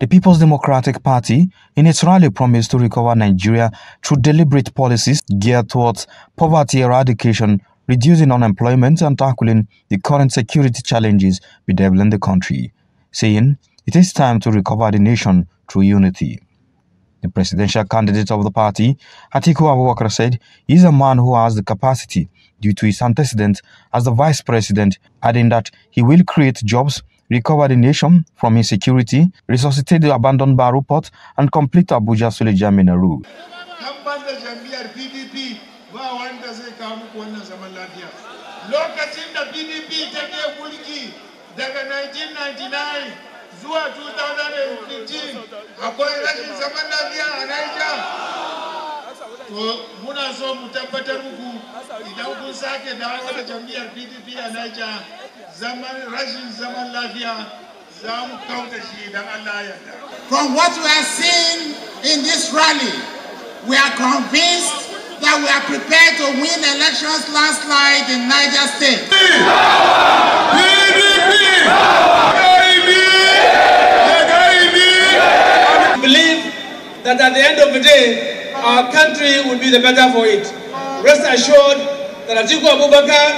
The People's Democratic Party, in its rally, promised to recover Nigeria through deliberate policies geared towards poverty eradication, reducing unemployment, and tackling the current security challenges bedeviling the country, saying it is time to recover the nation through unity. The presidential candidate of the party, Atiku Abubakar, said he is a man who has the capacity due to his antecedent as the vice president, adding that he will create jobs recover the nation from insecurity, resuscitate the abandoned Baru port, and complete Abuja-Suleja Mina road. Lokacin da PDP ta take mulki daga 1999 zuwa 2015 akwai rashin zaman lafiya a Niger. To muna so mu tabbatar muku idan kun sake dawo da jam'iyyar PDP a Niger zaman rashin zaman lafiya za mu kauda shi idan Allah ya yarda. From what we are seeing in this rally, we are convinced that we are prepared to win elections landslide in Niger State. I believe that at the end of the day, our country will be the better for it. Rest assured that Atiku Abubakar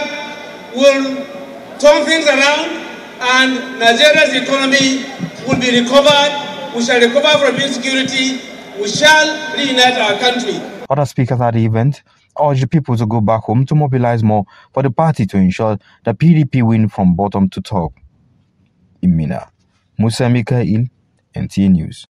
will turn things around, and Nigeria's economy will be recovered. We shall recover from insecurity. We shall reunite our country. Other speakers at the event urged people to go back home to mobilize more for the party to ensure the PDP win from bottom to top. Imina, Musa Mikail, NTA News.